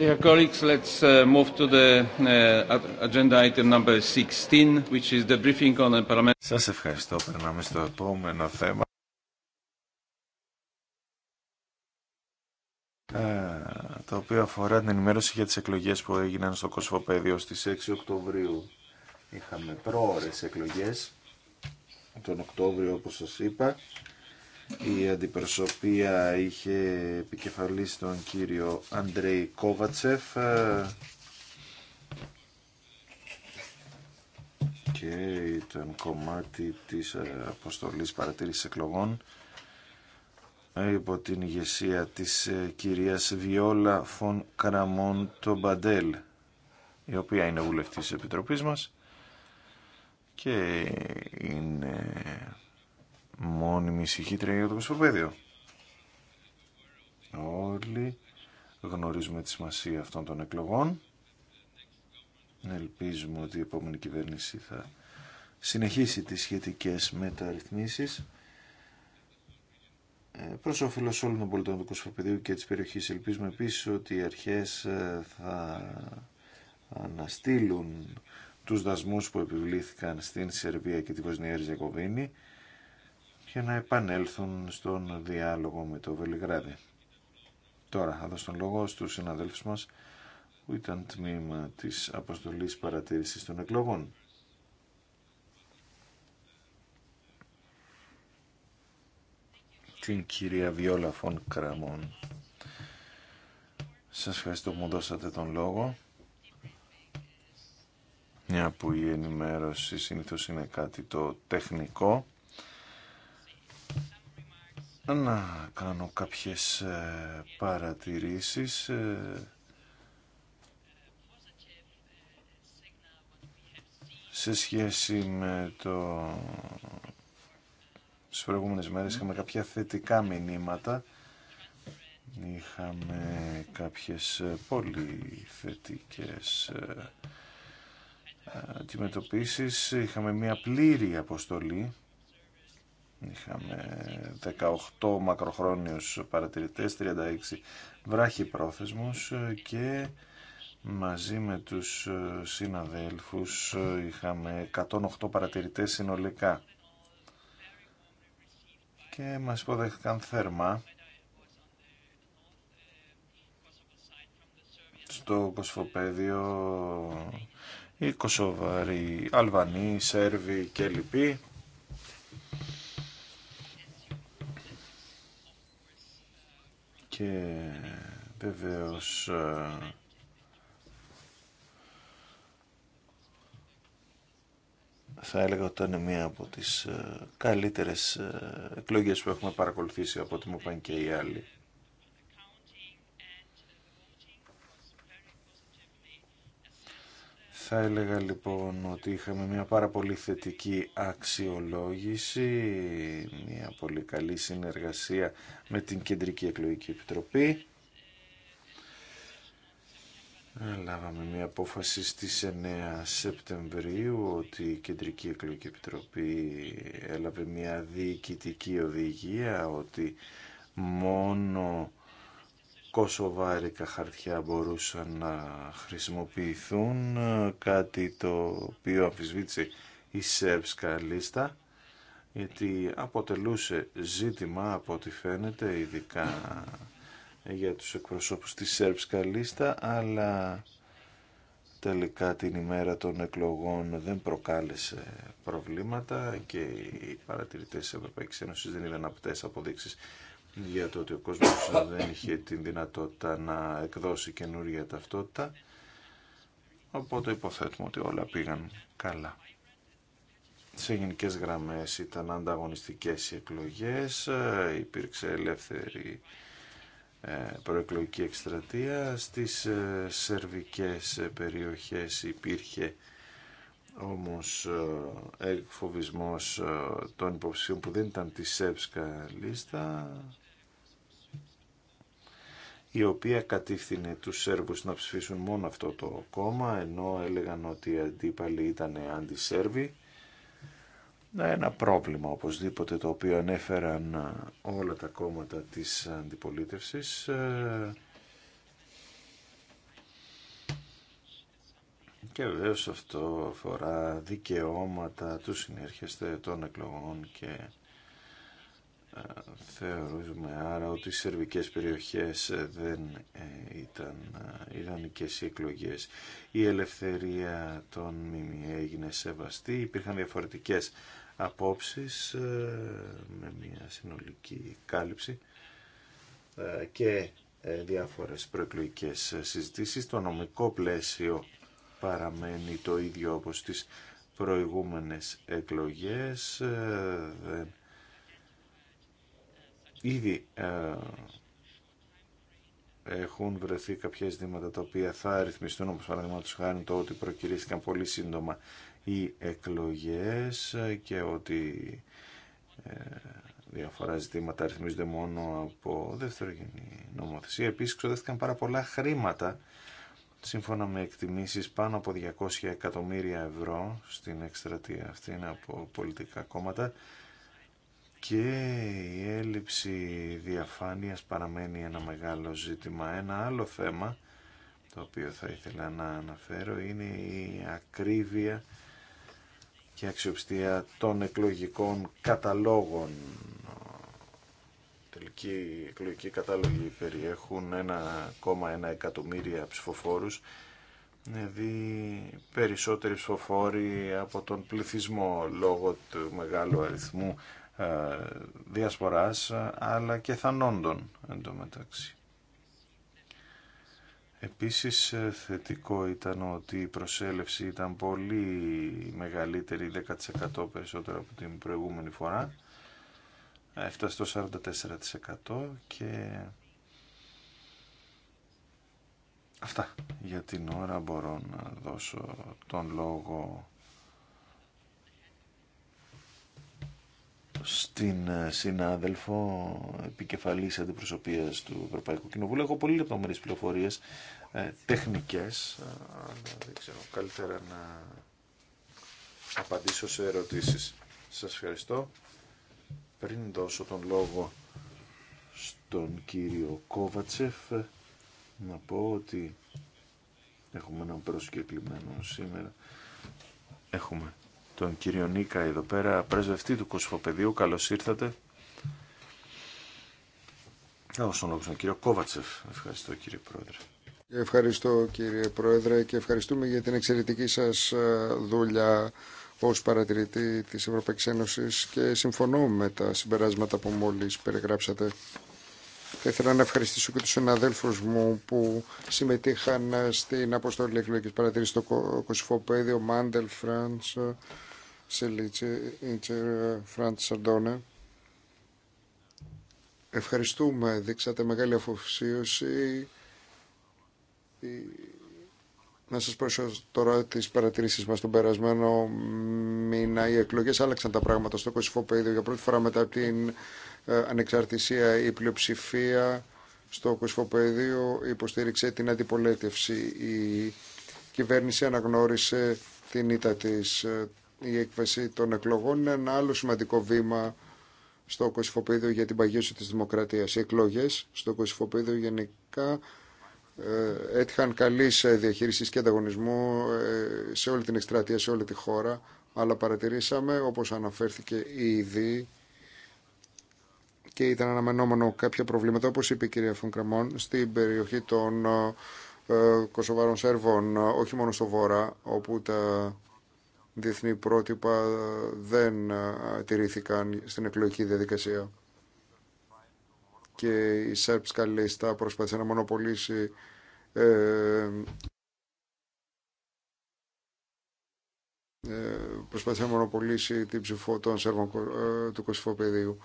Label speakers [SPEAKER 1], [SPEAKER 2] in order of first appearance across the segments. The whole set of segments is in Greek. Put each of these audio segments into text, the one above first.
[SPEAKER 1] Dear colleagues, let's uh, move to the uh, agenda item number 16,
[SPEAKER 2] which is the briefing on the parliament. Σας ευχαριστώ. Περνάμε στο επόμενο θέμα. Ε, το οποίο αφορά την ενημέρωση για τις εκλογές που έγιναν στο Κοσμοπέδιο στις 6 Οκτωβρίου. Είχαμε προώρες εκλογές τον Οκτώβριο όπως σας είπα η αντιπροσωπεία είχε επικεφαλής τον κύριο Αντρέι Κόβατσεφ ε, και ήταν κομμάτι της ε, αποστολής παρατήρησης εκλογών ε, υπό την ηγεσία της κυρίας Βιόλα Φων Καραμόν Τομπαντέλ η οποία είναι βουλευτής της Επιτροπής μας και είναι μόνιμη ησυχήτρια για το Κοσμοπέδιο. Όλοι γνωρίζουμε τη σημασία αυτών των εκλογών. Ελπίζουμε ότι η επόμενη κυβέρνηση θα συνεχίσει τις σχετικές μεταρρυθμίσεις ε, προς όφελος όλων των πολιτών του Κοσμοπεδίου και της περιοχής. Ελπίζουμε επίσης ότι οι αρχές ε, θα αναστείλουν τους δασμούς που επιβλήθηκαν στην Σερβία και τη Βοσνία Ριζεκοβίνη για να επανέλθουν στον διάλογο με το Βελιγράδι. Τώρα θα δώσω τον λόγο του συναδέλφους μας που ήταν τμήμα της αποστολής παρατήρησης των εκλογών. Την κυρία Βιόλα Φων Κραμών. Σας ευχαριστώ που μου δώσατε τον λόγο. Μια που η ενημέρωση συνήθως είναι κάτι το τεχνικό να κάνω κάποιες ε, παρατηρήσεις ε. σε σχέση με το Στις προηγούμενες μέρες είχαμε κάποια θετικά μηνύματα είχαμε κάποιες ε, πολύ θετικές αντιμετωπίσεις είχαμε μια πλήρη αποστολή Είχαμε 18 μακροχρόνιους παρατηρητές, 36 βράχοι πρόθεσμους και μαζί με τους συναδέλφους είχαμε 108 παρατηρητές συνολικά. Και μας υποδέχτηκαν θερμά στο Κοσφοπέδιο οι Κοσοβαροί, Αλβανοί, Σέρβοι και και βεβαίως ε, θα έλεγα ότι είναι μία από τις ε, καλύτερες ε, εκλογές που έχουμε παρακολουθήσει από ό,τι μου και οι άλλοι Θα έλεγα λοιπόν ότι είχαμε μια πάρα πολύ θετική αξιολόγηση, μια πολύ καλή συνεργασία με την Κεντρική Εκλογική Επιτροπή. Λάβαμε μια απόφαση στις 9 Σεπτεμβρίου ότι η Κεντρική Εκλογική Επιτροπή έλαβε μια διοικητική οδηγία ότι μόνο κοσοβάρικα χαρτιά μπορούσαν να χρησιμοποιηθούν, κάτι το οποίο αμφισβήτησε η Σεύσκα λίστα, γιατί αποτελούσε ζήτημα από ό,τι φαίνεται, ειδικά για τους εκπροσώπους της Σέρψκα λίστα, αλλά τελικά την ημέρα των εκλογών δεν προκάλεσε προβλήματα και οι παρατηρητές της Ευρωπαϊκής Ένωσης δεν είδαν απτές αποδείξεις για το ότι ο κόσμος δεν είχε την δυνατότητα να εκδώσει καινούργια ταυτότητα. Οπότε υποθέτουμε ότι όλα πήγαν καλά. Σε γενικέ γραμμές ήταν ανταγωνιστικές οι εκλογές, υπήρξε ελεύθερη ε, προεκλογική εκστρατεία. Στις ε, σερβικές ε, περιοχές υπήρχε όμως εκφοβισμός των υποψηφίων που δεν ήταν τη ΣΕΠΣΚΑ λίστα η οποία κατήφθηνε τους Σέρβους να ψηφίσουν μόνο αυτό το κόμμα, ενώ έλεγαν ότι οι αντίπαλοι ήταν αντισέρβοι. Ένα πρόβλημα οπωσδήποτε το οποίο ανέφεραν όλα τα κόμματα της αντιπολίτευσης. Ε, και βεβαίω αυτό αφορά δικαιώματα του συνέρχεστε των εκλογών και Θεωρούμε άρα ότι οι σερβικές περιοχές ε, δεν ε, ήταν ιδανικές οι εκλογές. Η ελευθερία των ΜΜΕ έγινε σεβαστή. Υπήρχαν διαφορετικές απόψεις ε, με μια συνολική κάλυψη και διάφορες προεκλογικές συζητήσεις. Το νομικό πλαίσιο παραμένει το ίδιο όπως τις προηγούμενες εκλογές. Δεν ήδη ε, έχουν βρεθεί κάποια ζητήματα τα οποία θα ρυθμιστούν όπως παραδείγματο χάνει το ότι προκυρήθηκαν πολύ σύντομα οι εκλογές και ότι ε, διάφορα ζητήματα αριθμίζονται μόνο από δευτερογενή νομοθεσία. Επίσης ξοδεύτηκαν πάρα πολλά χρήματα, σύμφωνα με εκτιμήσεις πάνω από 200 εκατομμύρια ευρώ στην εκστρατεία αυτή από πολιτικά κόμματα και η έλλειψη διαφάνειας παραμένει ένα μεγάλο ζήτημα. Ένα άλλο θέμα το οποίο θα ήθελα να αναφέρω είναι η ακρίβεια και αξιοπιστία των εκλογικών καταλόγων. Τελικοί εκλογικοί κατάλογοι περιέχουν 1,1 εκατομμύρια ψηφοφόρους, δηλαδή περισσότεροι ψηφοφόροι από τον πληθυσμό λόγω του μεγάλου αριθμού ε, διασποράς ε, αλλά και θανόντων εν τω μεταξύ. Επίσης ε, θετικό ήταν ότι η προσέλευση ήταν πολύ μεγαλύτερη, 10% περισσότερο από την προηγούμενη φορά. Έφτασε το 44% και αυτά για την ώρα μπορώ να δώσω τον λόγο στην ε, συνάδελφο επικεφαλής αντιπροσωπείας του Ευρωπαϊκού Κοινοβούλου. Έχω πολύ λεπτομερείς πληροφορίες ε, τεχνικές, ε, δεν ξέρω καλύτερα να απαντήσω σε ερωτήσεις. Σας ευχαριστώ. Πριν δώσω τον λόγο στον κύριο Κόβατσεφ, να πω ότι έχουμε έναν προσκεκλημένο σήμερα. Έχουμε τον κύριο Νίκα εδώ πέρα, πρεσβευτή του Κοσφοπεδίου. Καλώ ήρθατε. Θα κύριο Κόβατσεφ. Ευχαριστώ κύριε Πρόεδρε.
[SPEAKER 3] Ευχαριστώ κύριε Πρόεδρε και ευχαριστούμε για την εξαιρετική σα ε, δουλειά ω παρατηρητή τη Ευρωπαϊκή Ένωση. και συμφωνώ με τα συμπεράσματα που μόλι περιγράψατε. Θα ήθελα να ευχαριστήσω και του συναδέλφου μου που συμμετείχαν στην αποστολή Εκλογική παρατηρήση στο Κωσυφοπέδιο, Μάντελ, Φραντ. Ιντσερ Φραντ Σαντώνε. Ευχαριστούμε, δείξατε μεγάλη αφοσίωση. Να σας πω τώρα τις παρατηρήσεις μας τον περασμένο μήνα. Οι εκλογές άλλαξαν τα πράγματα στο Παίδιο Για πρώτη φορά μετά από την ε, ανεξαρτησία η πλειοψηφία στο Παίδιο υποστήριξε την αντιπολέτευση. Η κυβέρνηση αναγνώρισε την ήττα της ε, η έκβαση των εκλογών είναι ένα άλλο σημαντικό βήμα στο κοσυφοπαίδιο για την παγίωση της δημοκρατίας. Οι εκλογές στο κοσυφοπαίδιο γενικά ε, έτυχαν καλή διαχείριση και ανταγωνισμού ε, σε όλη την εκστρατεία, σε όλη τη χώρα, αλλά παρατηρήσαμε, όπως αναφέρθηκε ήδη, και ήταν αναμενόμενο κάποια προβλήματα, όπως είπε η κυρία Φωνκραμών, στην περιοχή των ε, Κωσοβάρων Σέρβων, όχι μόνο στο Βόρα, όπου τα διεθνή πρότυπα δεν ε, τηρήθηκαν στην εκλογική διαδικασία. Και η Σέρψκα λίστα προσπαθεί να μονοπολίσει ε, ε προσπαθεί να μονοπολίσει την ψηφό των Σέρβων ε, του Κωσυφοπεδίου.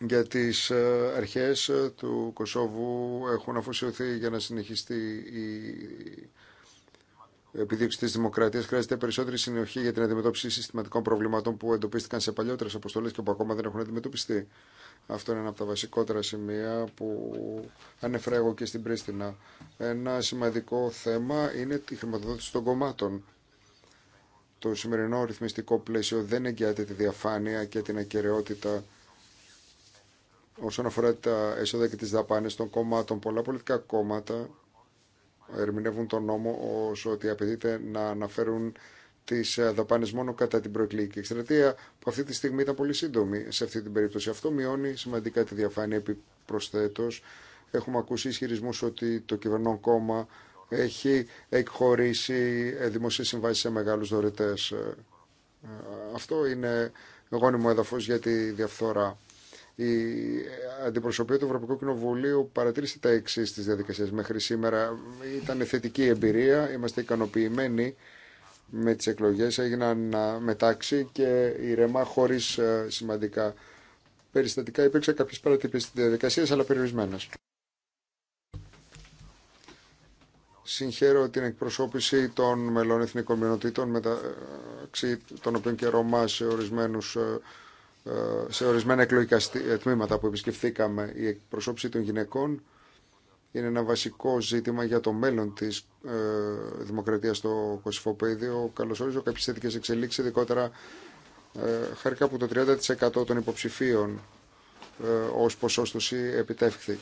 [SPEAKER 3] Για τις αρχές του Κωσόβου έχουν αφοσιωθεί για να συνεχιστεί η επιδίωξη τη δημοκρατία χρειάζεται περισσότερη συνοχή για την αντιμετώπιση συστηματικών προβλημάτων που εντοπίστηκαν σε παλιότερε αποστολέ και που ακόμα δεν έχουν αντιμετωπιστεί. Αυτό είναι ένα από τα βασικότερα σημεία που ανέφερα εγώ και στην Πρίστινα. Ένα σημαντικό θέμα είναι τη χρηματοδότηση των κομμάτων. Το σημερινό ρυθμιστικό πλαίσιο δεν εγγυάται τη διαφάνεια και την ακαιρεότητα όσον αφορά τα έσοδα και τις δαπάνες των κομμάτων. Πολλά πολιτικά κόμματα ερμηνεύουν τον νόμο ως ότι απαιτείται να αναφέρουν τι ε, δαπάνε μόνο κατά την προεκλογική εκστρατεία, που αυτή τη στιγμή ήταν πολύ σύντομη σε αυτή την περίπτωση. Αυτό μειώνει σημαντικά τη διαφάνεια. Επιπροσθέτω, έχουμε ακούσει ισχυρισμού ότι το κυβερνών κόμμα έχει εκχωρήσει ε, δημοσίε συμβάσει σε μεγάλου δωρετέ. Ε, αυτό είναι γόνιμο έδαφο για τη διαφθορά. Η αντιπροσωπεία του Ευρωπαϊκού Κοινοβουλίου παρατήρησε τα εξή τη διαδικασίες μέχρι σήμερα. Ήταν θετική εμπειρία, είμαστε ικανοποιημένοι με τις εκλογές, έγιναν μετάξι και ηρεμά χωρίς σημαντικά περιστατικά. Υπήρξαν κάποιε παρατυπίε στις διαδικασίες, αλλά περιορισμένε. Συγχαίρω την εκπροσώπηση των μελών εθνικών μειονοτήτων μεταξύ των οποίων και Ρωμά σε ορισμένους ε, σε ορισμένα εκλογικά ε, τμήματα που επισκεφθήκαμε η εκπροσώπηση των γυναικών είναι ένα βασικό ζήτημα για το μέλλον της ε, δημοκρατίας στο Κωσυφοπαίδιο. ο κάποιες θετικές εξελίξεις, ειδικότερα ε, που το 30% των υποψηφίων ε, ως ποσόστοση επιτεύχθη.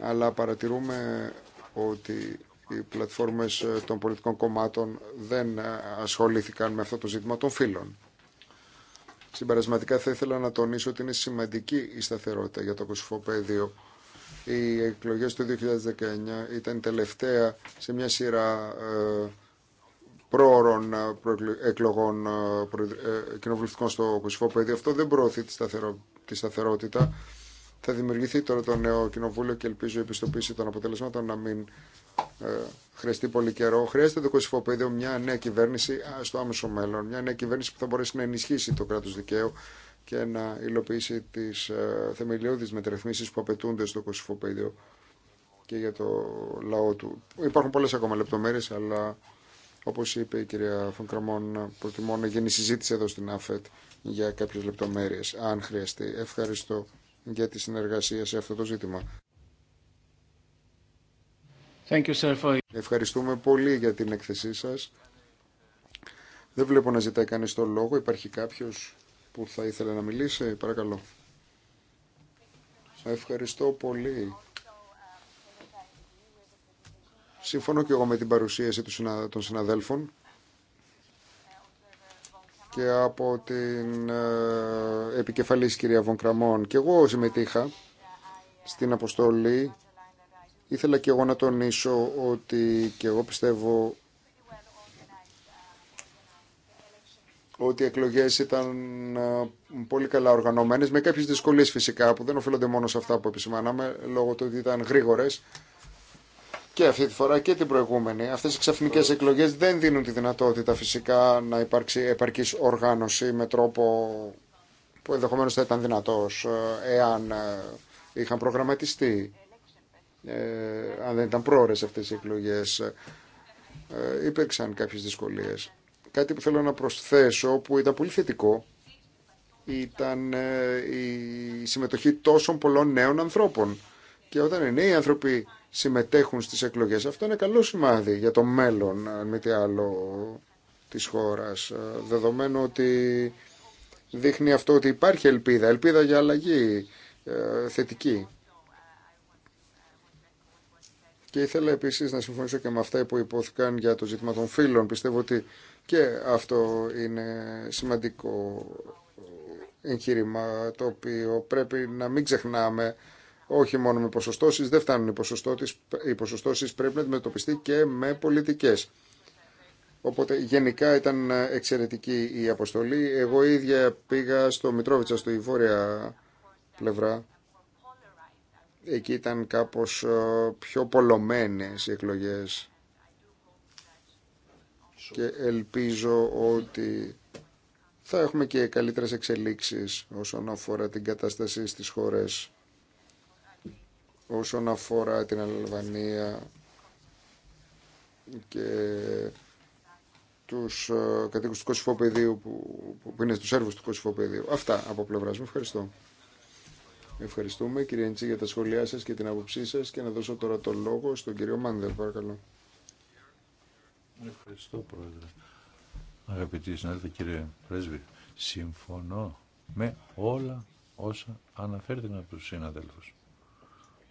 [SPEAKER 3] Αλλά παρατηρούμε ότι οι πλατφόρμες ε, των πολιτικών κομμάτων δεν ασχολήθηκαν με αυτό το ζήτημα των φύλων. Συμπερασματικά θα ήθελα να τονίσω ότι είναι σημαντική η σταθερότητα για το πεδίο. Οι εκλογές του 2019 ήταν τελευταία σε μια σειρά ε, πρόωρων ε, εκλογών ε, κοινοβουλευτικών στο πεδίο. Αυτό δεν προωθεί τη σταθερότητα θα δημιουργηθεί τώρα το νέο κοινοβούλιο και ελπίζω η επιστοποίηση των αποτελεσμάτων να μην ε, χρειαστεί πολύ καιρό. Χρειάζεται το κοσυφοπαίδιο μια νέα κυβέρνηση στο άμεσο μέλλον. Μια νέα κυβέρνηση που θα μπορέσει να ενισχύσει το κράτο δικαίου και να υλοποιήσει τι ε, θεμελιώδει που απαιτούνται στο κοσυφοπαίδιο και για το λαό του. Υπάρχουν πολλέ ακόμα λεπτομέρειε, αλλά όπω είπε η κυρία Φωνκραμών, προτιμώ να γίνει συζήτηση εδώ στην ΑΦΕΤ για κάποιε λεπτομέρειε, αν χρειαστεί. Ευχαριστώ για τη συνεργασία σε αυτό το ζήτημα. Thank you, sir. Ευχαριστούμε πολύ για την έκθεσή σας. Δεν βλέπω να ζητάει κανείς το λόγο. Υπάρχει κάποιος που θα ήθελε να μιλήσει. Παρακαλώ. Ευχαριστώ πολύ. Συμφωνώ και εγώ με την παρουσίαση των συναδέλφων και από την ε, επικεφαλής κυρία Βονκραμών. Και εγώ συμμετείχα στην αποστολή. Ήθελα και εγώ να τονίσω ότι και εγώ πιστεύω ότι οι εκλογές ήταν ε, πολύ καλά οργανωμένες, με κάποιες δυσκολίες φυσικά που δεν οφείλονται μόνο σε αυτά που επισημάναμε, λόγω του ότι ήταν γρήγορες και αυτή τη φορά και την προηγούμενη. Αυτές οι ξαφνικέ εκλογές δεν δίνουν τη δυνατότητα φυσικά να υπάρξει επαρκής οργάνωση με τρόπο που ενδεχομένω θα ήταν δυνατό ε, εάν ε, είχαν προγραμματιστεί, ε, αν δεν ήταν πρόορες αυτές οι εκλογές. Ε, υπήρξαν κάποιες δυσκολίες. Κάτι που θέλω να προσθέσω που ήταν πολύ θετικό ήταν ε, η συμμετοχή τόσων πολλών νέων ανθρώπων. Και όταν οι άνθρωποι συμμετέχουν στις εκλογές. Αυτό είναι καλό σημάδι για το μέλλον, αν μη τι άλλο, της χώρας. Ε, δεδομένου ότι δείχνει αυτό ότι υπάρχει ελπίδα, ελπίδα για αλλαγή ε, θετική. Και ήθελα επίσης να συμφωνήσω και με αυτά που υπόθηκαν για το ζήτημα των φίλων. Πιστεύω ότι και αυτό είναι σημαντικό εγχείρημα το οποίο πρέπει να μην ξεχνάμε όχι μόνο με ποσοστώσεις, δεν φτάνουν οι ποσοστώσεις, οι πρέπει να αντιμετωπιστεί και με πολιτικές. Οπότε γενικά ήταν εξαιρετική η αποστολή. Εγώ ίδια πήγα στο Μητρόβιτσα, στο βόρεια πλευρά. Εκεί ήταν κάπως ε, πιο πολλωμένες οι εκλογές. Και ελπίζω ότι θα έχουμε και καλύτερες εξελίξεις όσον αφορά την κατάσταση στις χώρες όσον αφορά την Αλβανία και τους ε, κατοίκους του Κωσυφοπεδίου που, που είναι στους έργους του Κωσυφοπεδίου. Αυτά από πλευράς μου. Ευχαριστώ. Ευχαριστούμε κύριε Ντσί για τα σχόλιά σας και την άποψή σας και να δώσω τώρα το λόγο στον κύριο Μάνδελ. Παρακαλώ. Ευχαριστώ πρόεδρε.
[SPEAKER 1] Αγαπητοί συνάδελφοι κύριε Πρέσβη, συμφωνώ με όλα όσα αναφέρθηκαν από τους συναδέλφους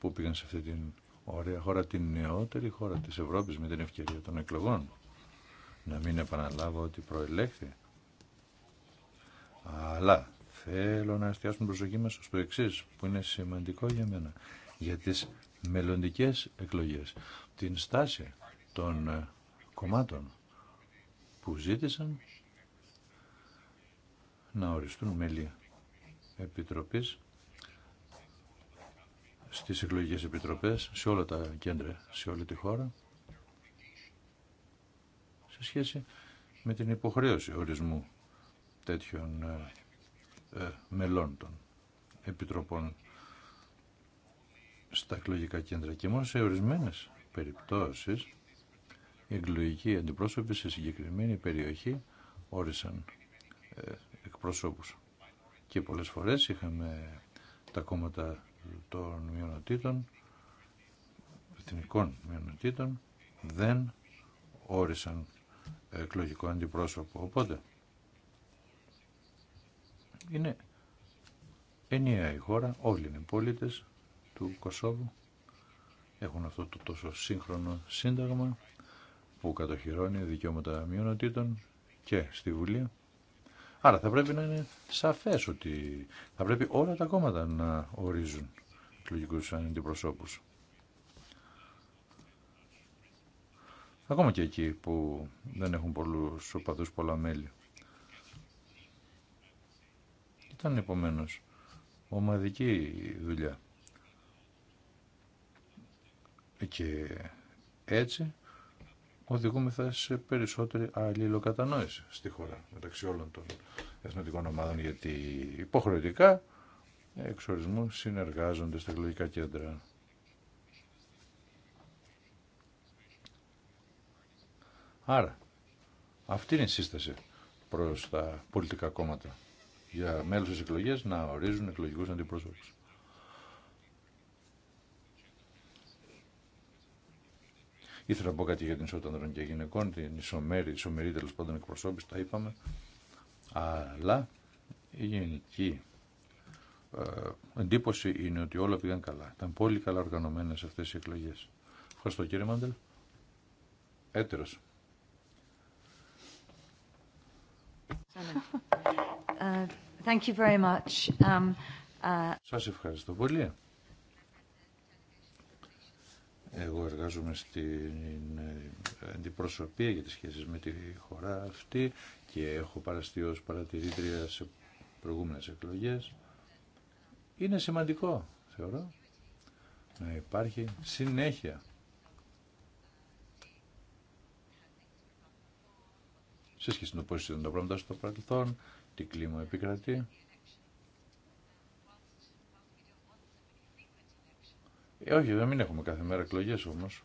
[SPEAKER 1] που πήγαν σε αυτή την ωραία χώρα, την νεότερη χώρα της Ευρώπης με την ευκαιρία των εκλογών. Να μην επαναλάβω ότι προελέχθη. Αλλά θέλω να εστιάσουμε προσοχή μας στο εξή που είναι σημαντικό για μένα, για τις μελλοντικές εκλογές, την στάση των ε, κομμάτων που ζήτησαν να οριστούν μέλη Επιτροπής στις εκλογικές επιτροπές σε όλα τα κέντρα, σε όλη τη χώρα σε σχέση με την υποχρέωση ορισμού τέτοιων ε, ε, μελών των επιτροπών στα εκλογικά κέντρα και μόνο σε ορισμένες περιπτώσεις οι εκλογικοί αντιπρόσωποι σε συγκεκριμένη περιοχή όρισαν ε, εκπροσώπους και πολλές φορές είχαμε τα κόμματα των μειονοτήτων, εθνικών μειονοτήτων, δεν όρισαν εκλογικό αντιπρόσωπο. Οπότε, είναι ενιαία η χώρα, όλοι είναι πολίτες του Κωσόβου, έχουν αυτό το τόσο σύγχρονο σύνταγμα που κατοχυρώνει δικαιώματα μειονοτήτων και στη Βουλή Άρα θα πρέπει να είναι σαφές ότι θα πρέπει όλα τα κόμματα να ορίζουν εκλογικού αντιπροσώπους. Ακόμα και εκεί που δεν έχουν πολλού οπαδού, πολλά μέλη. Ήταν επομένω ομαδική δουλειά. Και έτσι οδηγούμεθα σε περισσότερη αλληλοκατανόηση στη χώρα μεταξύ όλων των εθνοτικών ομάδων, γιατί υποχρεωτικά εξορισμού συνεργάζονται στα εκλογικά κέντρα. Άρα, αυτή είναι η σύσταση προς τα πολιτικά κόμματα για μέλους της εκλογής να ορίζουν εκλογικούς αντιπρόσωπους. Ήθελα να πω κάτι για την ισότητα ανδρών και γυναικών, την ισομέρη, ισομερή τέλο πάντων εκπροσώπηση, τα είπαμε. Αλλά η γενική ε, εντύπωση είναι ότι όλα πήγαν καλά. Ήταν πολύ καλά οργανωμένε αυτέ οι εκλογέ. Ευχαριστώ κύριε Μάντελ. Έτερο.
[SPEAKER 2] thank you very much. Um, uh,
[SPEAKER 1] Σας ευχαριστώ πολύ. Εγώ εργάζομαι στην ε, αντιπροσωπεία για τις σχέσεις με τη χώρα αυτή και έχω παραστεί ως παρατηρήτρια σε προηγούμενες εκλογές. Είναι σημαντικό, θεωρώ, να υπάρχει συνέχεια. Σε σχέση με το πώς ήταν τα πράγματα στο παρελθόν, τι κλίμα επικρατεί. Ε, όχι, δεν μην έχουμε κάθε μέρα εκλογέ όμως.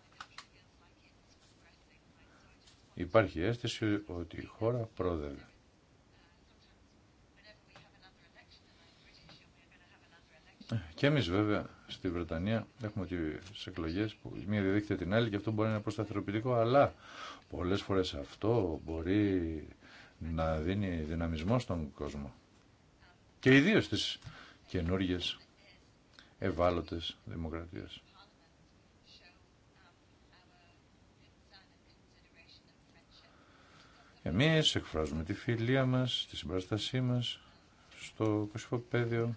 [SPEAKER 1] Υπάρχει αίσθηση ότι η χώρα πρόδευε. Και εμείς βέβαια στη Βρετανία έχουμε τις εκλογές που η μία διδέχεται την άλλη και αυτό μπορεί να είναι προσταθεροποιητικό, αλλά πολλές φορές αυτό μπορεί να δίνει δυναμισμό στον κόσμο. Και ιδίως στις καινούργιες ευάλωτες δημοκρατίες. Εμείς εκφράζουμε τη φιλία μας, τη συμπαραστασή μας στο κοσυφοπαίδιο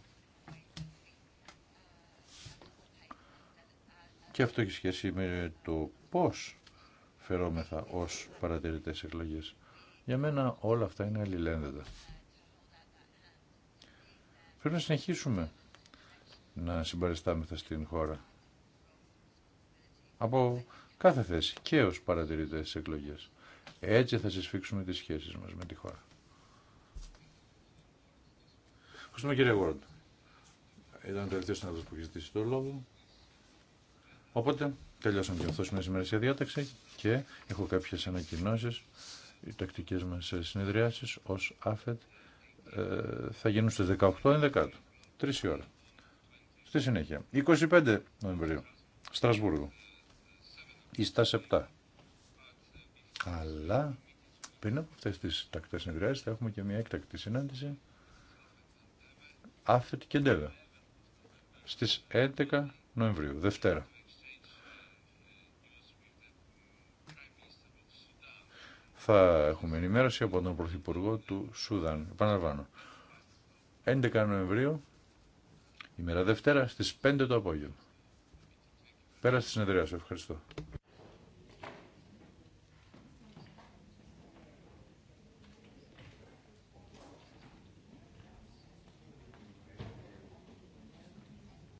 [SPEAKER 1] και αυτό έχει σχέση με το πώς φερόμεθα ως παρατηρητές εκλογές. Για μένα όλα αυτά είναι αλληλένδετα. Πρέπει να συνεχίσουμε να συμπαριστάμεθα στην χώρα. Από κάθε θέση και ως παρατηρητές της εκλογές. Έτσι θα συσφίξουμε τις σχέσεις μας με τη χώρα. Ευχαριστούμε κύριε Γουόρντ. Ήταν ο τελευταίο συνάδελφο που έχει ζητήσει το λόγο. Οπότε τελειώσαμε και αυτό σήμερα σήμερα σε διάταξη και έχω κάποιες ανακοινώσεις Οι τακτικές μας συνεδριάσεις ως ΑΦΕΤ ε, θα γίνουν στις 18 11 3 η ώρα. Στη συνέχεια, 25 Νοεμβρίου, Στρασβούργο, ή 7. Αλλά πριν από αυτέ τι τακτέ συνεδριάσει θα έχουμε και μια έκτακτη συνάντηση άφετη και ντέλα στις 11 Νοεμβρίου, Δευτέρα. Θα έχουμε ενημέρωση από τον Πρωθυπουργό του Σουδάν. Επαναλαμβάνω. 11 Νοεμβρίου ημέρα Δευτέρα στις 5 το απόγευμα. Πέρα στη συνεδρία σου. Ευχαριστώ.